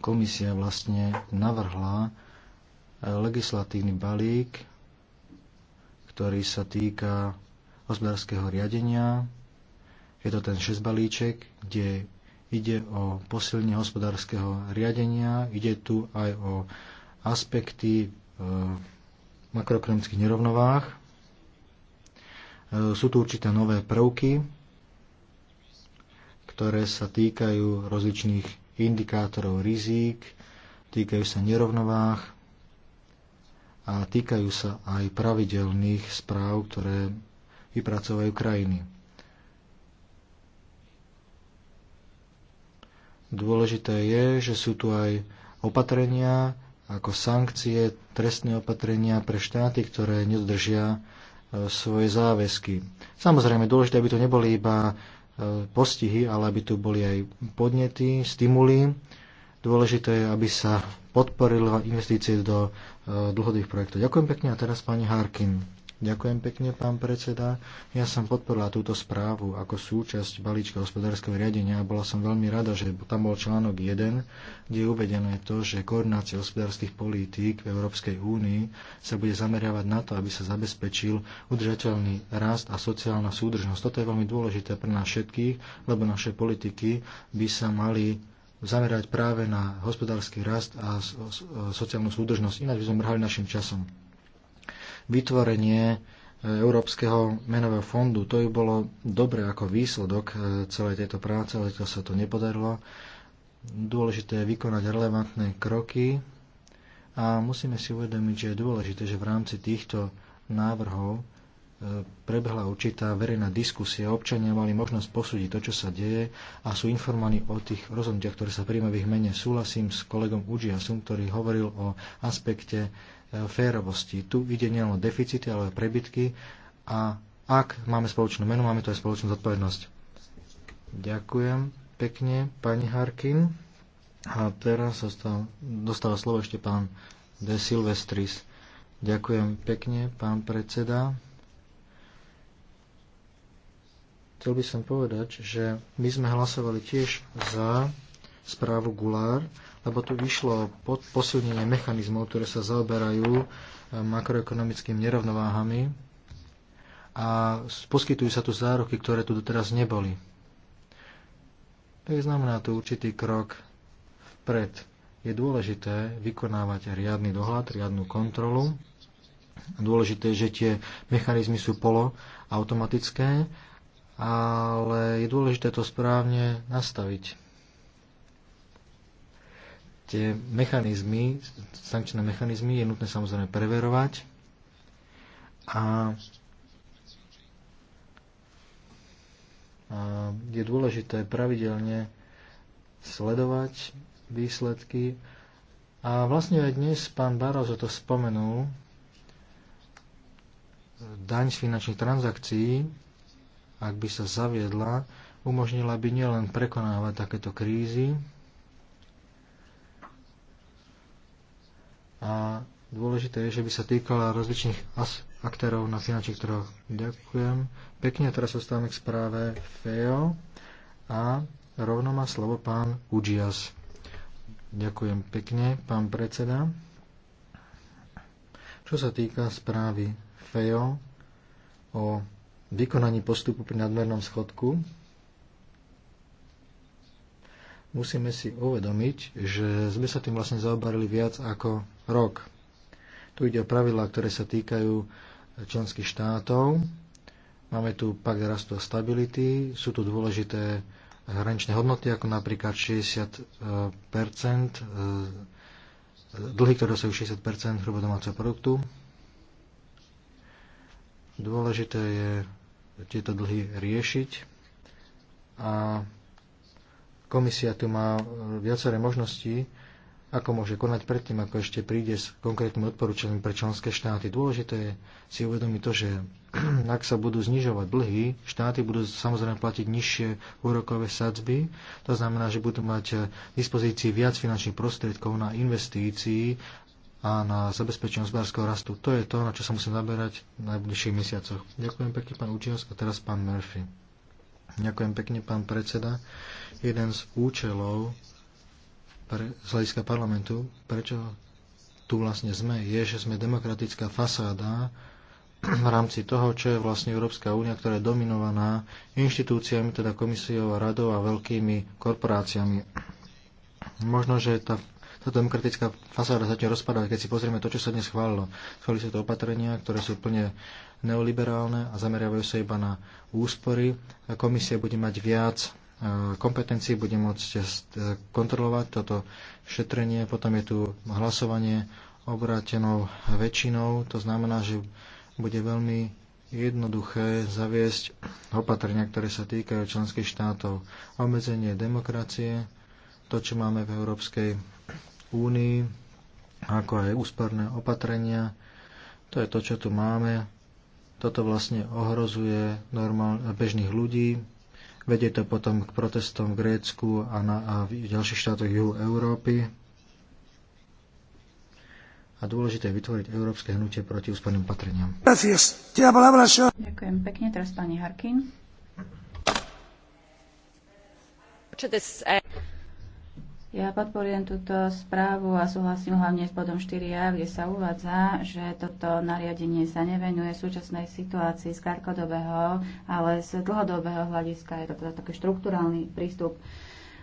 komisia vlastne navrhla legislatívny balík, ktorý sa týka hospodárskeho riadenia. Je to ten 6 balíček, kde ide o posilnenie hospodárskeho riadenia, ide tu aj o aspekty e, makroekonomických nerovnovách. E, sú tu určité nové prvky, ktoré sa týkajú rozličných indikátorov rizík, týkajú sa nerovnovách, a týkajú sa aj pravidelných správ, ktoré vypracovajú krajiny. Dôležité je, že sú tu aj opatrenia ako sankcie, trestné opatrenia pre štáty, ktoré nedodržia e, svoje záväzky. Samozrejme, dôležité, aby to neboli iba e, postihy, ale aby tu boli aj podnety, stimuly, Dôležité je, aby sa podporilo investície do e, dlhodobých projektov. Ďakujem pekne a teraz pani Harkin. Ďakujem pekne, pán predseda. Ja som podporila túto správu ako súčasť balíčka hospodárskeho riadenia a bola som veľmi rada, že tam bol článok 1, kde je uvedené to, že koordinácia hospodárskych politík v Európskej únii sa bude zameriavať na to, aby sa zabezpečil udržateľný rast a sociálna súdržnosť. Toto je veľmi dôležité pre nás všetkých, lebo naše politiky by sa mali zamerať práve na hospodársky rast a sociálnu súdržnosť. Ináč by sme mrhali našim časom. Vytvorenie e, Európskeho menového fondu. To by bolo dobre ako výsledok e, celej tejto práce, ale to sa to nepodarilo. Dôležité je vykonať relevantné kroky a musíme si uvedomiť, že je dôležité, že v rámci týchto návrhov prebehla určitá verejná diskusia, občania mali možnosť posúdiť to, čo sa deje a sú informovaní o tých rozhodnutiach, ktoré sa príjme v ich mene. Súhlasím s kolegom Ujiasom, ktorý hovoril o aspekte e, férovosti. Tu ide nielen o deficity, ale aj prebytky a ak máme spoločnú menu, máme to aj spoločnú zodpovednosť. Ďakujem pekne, pani Harkin. A teraz stav, dostáva slovo ešte pán De Silvestris. Ďakujem pekne, pán predseda. Chcel by som povedať, že my sme hlasovali tiež za správu Gulár, lebo tu išlo o posilnenie mechanizmov, ktoré sa zaoberajú eh, makroekonomickými nerovnováhami a poskytujú sa tu zároky, ktoré tu doteraz neboli. To znamená tu určitý krok pred. Je dôležité vykonávať riadny dohľad, riadnu kontrolu. Dôležité je, že tie mechanizmy sú poloautomatické ale je dôležité to správne nastaviť. Tie mechanizmy, sankčné mechanizmy je nutné samozrejme preverovať a, a je dôležité pravidelne sledovať výsledky. A vlastne aj dnes pán Barozo to spomenul, daň z finančných transakcií ak by sa zaviedla, umožnila by nielen prekonávať takéto krízy, a dôležité je, že by sa týkala rozličných aktérov na finančných trhoch. Ďakujem pekne, teraz zostávame k správe FEO a rovno má slovo pán Ujias. Ďakujem pekne, pán predseda. Čo sa týka správy FEO o vykonaní postupu pri nadmernom schodku, musíme si uvedomiť, že sme sa tým vlastne zaobarili viac ako rok. Tu ide o pravidlá, ktoré sa týkajú členských štátov. Máme tu pak rastu a stability, sú tu dôležité hraničné hodnoty, ako napríklad 60 e, e, dlhy, ktoré sú 60 hrubého domáceho produktu. Dôležité je tieto dlhy riešiť. A komisia tu má viaceré možnosti, ako môže konať predtým, ako ešte príde s konkrétnym odporúčaním pre členské štáty. Dôležité je si uvedomiť to, že ak sa budú znižovať dlhy, štáty budú samozrejme platiť nižšie úrokové sadzby. To znamená, že budú mať v dispozícii viac finančných prostriedkov na investícií a na zabezpečenie hospodárskeho rastu. To je to, na čo sa musím zaberať v najbližších mesiacoch. Ďakujem pekne, pán Učias, a teraz pán Murphy. Ďakujem pekne, pán predseda. Jeden z účelov pre, z hľadiska parlamentu, prečo tu vlastne sme, je, že sme demokratická fasáda v rámci toho, čo je vlastne Európska únia, ktorá je dominovaná inštitúciami, teda komisiou a radou a veľkými korporáciami. Možno, že tá táto demokratická fasáda začne rozpadať, keď si pozrieme to, čo sa dnes chválilo. Chválili sa to opatrenia, ktoré sú plne neoliberálne a zameriavajú sa iba na úspory. Komisia bude mať viac kompetencií, bude môcť e, kontrolovať toto šetrenie. Potom je tu hlasovanie obrátenou väčšinou. To znamená, že bude veľmi jednoduché zaviesť opatrenia, ktoré sa týkajú členských štátov. Obmedzenie demokracie, to, čo máme v Európskej únii, ako aj úsporné opatrenia. To je to, čo tu máme. Toto vlastne ohrozuje normál, bežných ľudí. Vedie to potom k protestom v Grécku a, na, a v ďalších štátoch juhu Európy. A dôležité je vytvoriť európske hnutie proti úsporným opatreniam. Ďakujem pekne, teraz pani Harkin. Ja podporujem túto správu a súhlasím hlavne s bodom 4a, kde sa uvádza, že toto nariadenie sa nevenuje súčasnej situácii z krátkodobého, ale z dlhodobého hľadiska je to teda taký štruktúrálny prístup.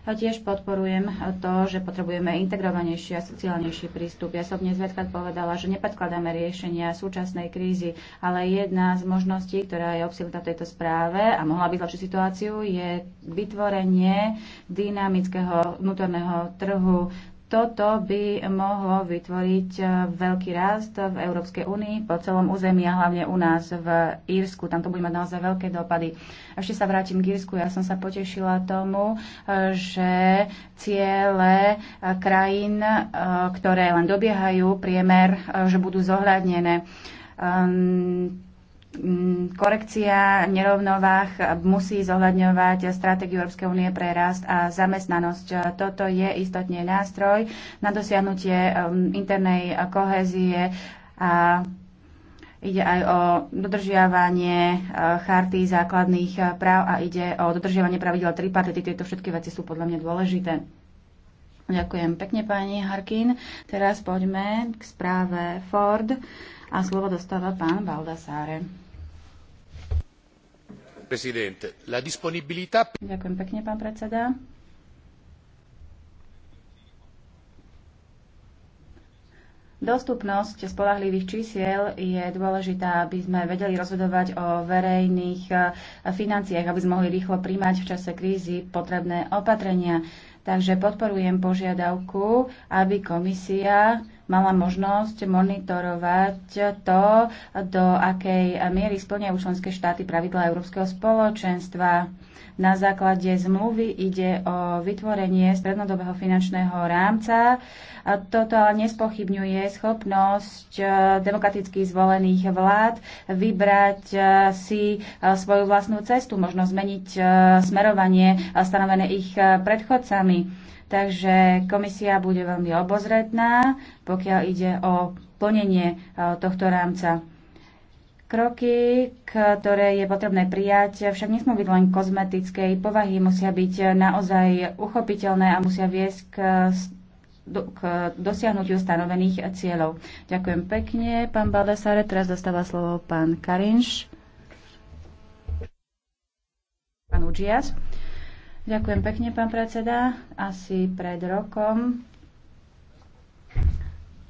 A tiež podporujem to, že potrebujeme integrovanejší a sociálnejší prístup. Ja som dnes vedkrát povedala, že nepodkladáme riešenia súčasnej krízy, ale jedna z možností, ktorá je obsiahnutá v tejto správe a mohla by zlepšiť situáciu, je vytvorenie dynamického vnútorného trhu toto by mohlo vytvoriť eh, veľký rast v Európskej únii po celom území a hlavne u nás v Írsku. Tam to bude mať naozaj veľké dopady. Ešte sa vrátim k Írsku. Ja som sa potešila tomu, eh, že ciele eh, krajín, ktoré len dobiehajú priemer, že budú zohľadnené. Ehm, Mm, korekcia nerovnovách e, musí zohľadňovať stratégiu Európskej únie pre rast a zamestnanosť. E, toto je istotne nástroj na dosiahnutie e, internej kohézie a ide aj o dodržiavanie charty základných práv a ide o dodržiavanie pravidel tripartity. Tieto všetky veci sú podľa mňa dôležité. Ďakujem pekne, pani Harkin. Teraz poďme k správe Ford a slovo dostáva pán Baldasáre. Ďakujem pekne, pán predseda. Dostupnosť spolahlivých čísiel je dôležitá, aby sme vedeli rozhodovať o verejných eh, financiách, aby sme mohli rýchlo príjmať v čase krízy potrebné opatrenia. Takže podporujem požiadavku, aby komisia mala možnosť monitorovať to, do akej miery splňajú členské štáty pravidla Európskeho spoločenstva. Na základe zmluvy ide o vytvorenie strednodobého finančného rámca. Toto ale nespochybňuje schopnosť e, demokraticky zvolených vlád vybrať e, si e, svoju vlastnú cestu, možno zmeniť smerovanie stanovené ich predchodcami Takže komisia bude veľmi obozretná, pokiaľ ide o plnenie e, tohto rámca. Kroky, ktoré je potrebné prijať, však nesmú byť len kozmetickej povahy, musia byť e, naozaj uchopiteľné a musia viesť k, k dosiahnutiu stanovených cieľov. Ďakujem pekne, pán Baldasare. Teraz dostáva slovo pán Karinš. Pán Ujias. Ďakujem pekne, pán predseda. Asi pred rokom,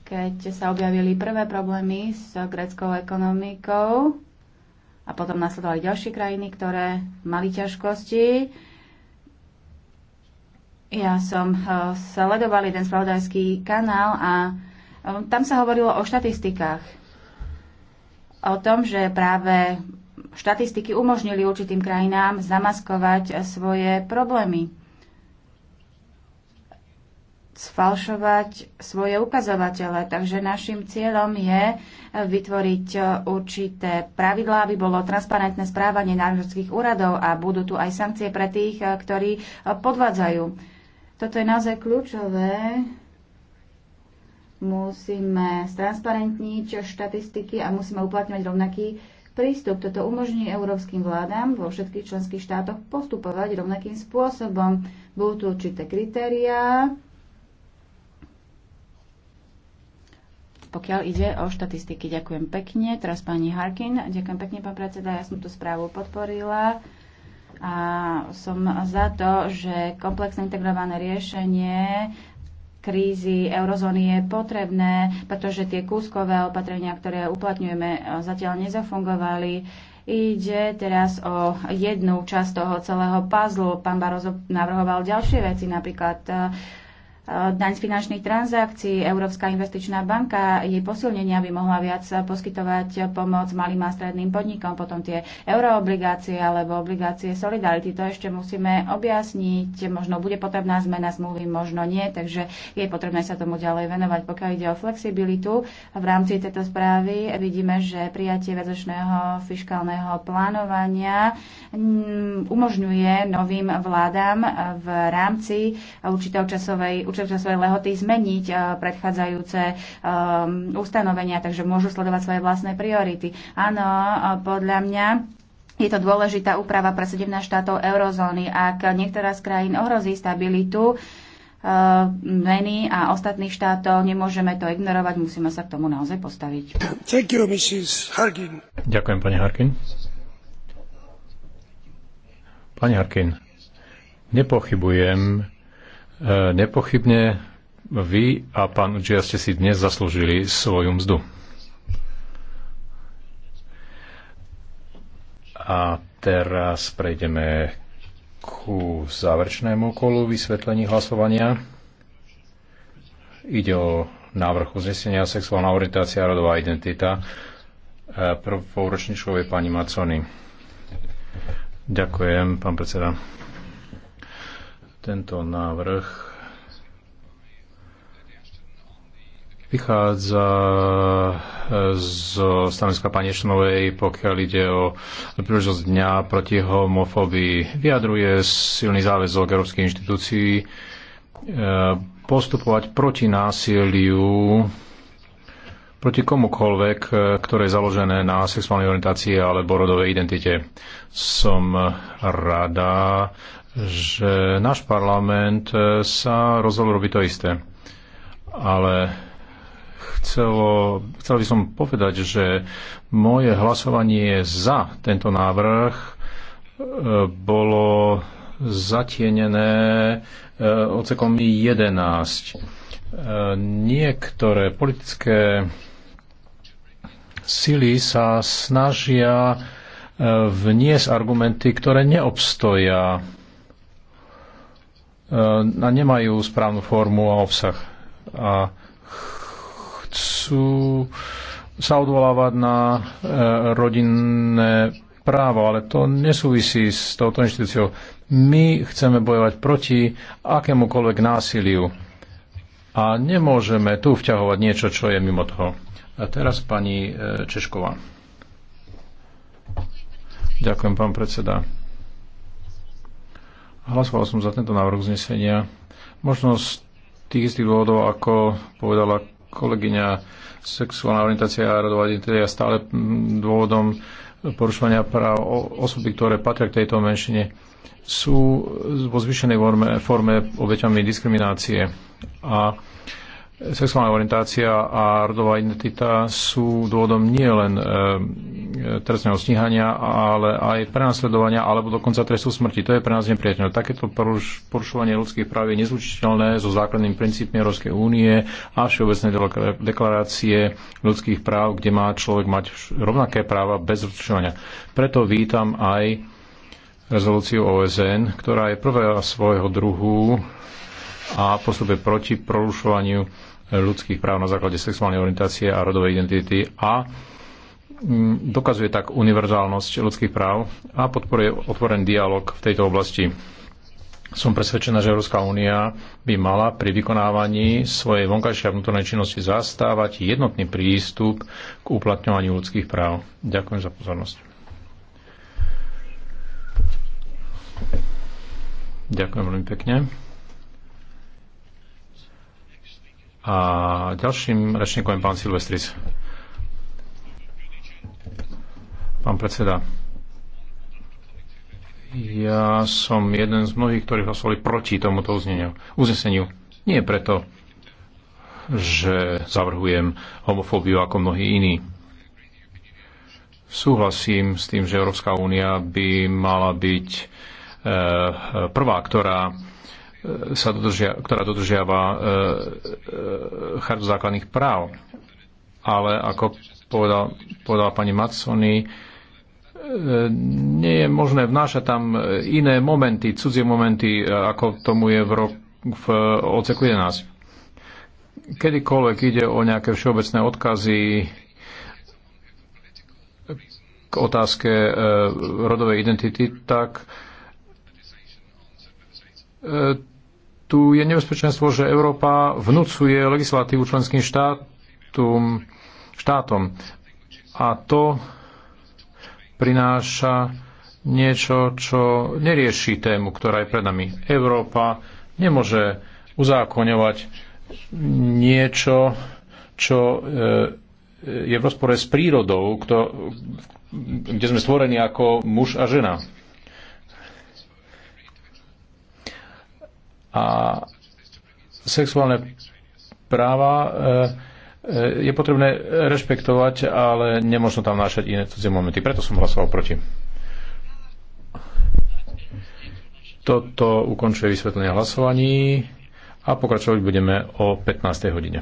keď sa objavili prvé problémy s greckou ekonomikou a potom nasledovali ďalšie krajiny, ktoré mali ťažkosti, ja som eh, sledoval jeden spravodajský kanál a eh, tam sa hovorilo o štatistikách. O tom, že práve štatistiky umožnili určitým krajinám zamaskovať svoje problémy, sfalšovať svoje ukazovatele. Takže našim cieľom je vytvoriť určité pravidlá, aby bolo transparentné správanie národských úradov a budú tu aj sankcie pre tých, ktorí podvádzajú. Toto je naozaj kľúčové musíme stransparentniť štatistiky a musíme uplatňovať rovnaký prístup. Toto umožní európskym vládám vo všetkých členských štátoch postupovať rovnakým spôsobom. Budú tu určité kritériá, pokiaľ ide o štatistiky. Ďakujem pekne. Teraz pani Harkin. Ďakujem pekne, pán predseda. Ja som tú správu podporila a som za to, že komplexné integrované riešenie krízy eurozóny je potrebné, pretože tie kúskové opatrenia, ktoré uplatňujeme, e, zatiaľ nezafungovali. Ide teraz o jednu časť toho celého puzzle. Pán Barozo navrhoval ďalšie veci, napríklad e, Eh, daň z finančných transakcií, Európska investičná banka, jej posilnenie, aby mohla viac poskytovať pomoc malým a stredným podnikom, potom tie euroobligácie alebo obligácie Solidarity, to ešte musíme objasniť, možno bude potrebná zmena zmluvy, možno nie, takže je potrebné sa tomu ďalej venovať. Pokiaľ ide o flexibilitu, v rámci tejto správy vidíme, že prijatie väzočného fiskálneho plánovania mm, umožňuje novým vládam v rámci určitej časovej, môže svoje svojej lehoty zmeniť eh, predchádzajúce um, ustanovenia, takže môžu sledovať svoje vlastné priority. Áno, eh, podľa mňa je to dôležitá úprava pre 17 štátov eurozóny. Ak niektorá z krajín ohrozí stabilitu, meny a ostatných štátov. Nemôžeme to ignorovať, musíme sa k tomu naozaj postaviť. Thank you, Mrs. Harkin. Ďakujem, pani Harkin. Pani Harkin, nepochybujem, E, nepochybne vy a pán Udžia ste si dnes zaslúžili svoju mzdu. A teraz prejdeme ku záverečnému kolu vysvetlení hlasovania. Ide o návrh uznesenia sexuálna orientácia a rodová identita. E, Prvou ročničkou je pani Macony. Ďakujem, pán predseda. Tento návrh vychádza eh, z stanoviska pani Ešnovej, pokiaľ ide o príležitosť dňa proti homofóbii. Vyjadruje silný záväzok európskej inštitúcií eh, postupovať proti násiliu proti komukolvek, eh, ktoré je založené na sexuálnej orientácii alebo rodovej identite. Som rada, že náš parlament e, sa rozhodol robiť to isté. Ale chcelo, chcel by som povedať, že moje hlasovanie za tento návrh e, bolo zatienené e, ocekom 11. Niektoré politické sily sa snažia vniesť argumenty, ktoré neobstoja a nemajú správnu formu a obsah. A chcú sa odvolávať na e, rodinné právo, ale to nesúvisí s touto inštitúciou. My chceme bojovať proti akémukoľvek násiliu a nemôžeme tu vťahovať niečo, čo je mimo toho. A teraz pani e, Češková. Ďakujem, pán predseda. Hlasoval som za tento návrh uznesenia. Možno z tých istých dôvodov, ako povedala kolegyňa, sexuálna orientácia a rodová identita je stále mm, dôvodom porušovania práv osoby, ktoré patria k tejto menšine sú vo zvyšenej forme, forme obeťami diskriminácie. A Sexuálna orientácia a rodová identita sú dôvodom nielen e, trestného stíhania, ale aj prenasledovania alebo dokonca trestu smrti. To je pre nás nepriateľné. Takéto poruš- porušovanie ľudských práv je nezlučiteľné so základným princípmi Európskej únie a Všeobecnej deklarácie ľudských práv, kde má človek mať rovnaké práva bez rozlišovania. Preto vítam aj rezolúciu OSN, ktorá je prvá svojho druhu a postupuje proti porušovaniu ľudských práv na základe sexuálnej orientácie a rodovej identity a mm, dokazuje tak univerzálnosť ľudských práv a podporuje otvorený dialog v tejto oblasti. Som presvedčená, že Európska únia by mala pri vykonávaní svojej vonkajšej a vnútornej činnosti zastávať jednotný prístup k uplatňovaniu ľudských práv. Ďakujem za pozornosť. Ďakujem veľmi pekne. A ďalším rečníkom je pán Silvestris. Pán predseda, ja som jeden z mnohých, ktorí hlasovali proti tomuto uzneniu, uzneseniu. Nie preto, že zavrhujem homofóbiu ako mnohí iní. Súhlasím s tým, že Európska únia by mala byť eh, prvá, ktorá sa dodržia, ktorá dodržiava e, e, chartu základných práv. Ale ako povedal, povedala pani Matsony, e, nie je možné vnášať tam iné momenty, cudzie momenty, e, ako tomu je v, rok, v odseku 11. Kedykoľvek ide o nejaké všeobecné odkazy k otázke e, rodovej identity, tak e, tu je nebezpečenstvo, že Európa vnúcuje legislatívu členským štátom, štátom. A to prináša niečo, čo nerieši tému, ktorá je pred nami. Európa nemôže uzákoňovať niečo, čo e, e, je v rozpore s prírodou, kde sme stvorení ako muž a žena. A sexuálne práva e, e, je potrebné rešpektovať, ale nemôžno tam nášať iné cudzie momenty. Preto som hlasoval proti. Toto ukončuje vysvetlenie hlasovaní a pokračovať budeme o 15. hodine.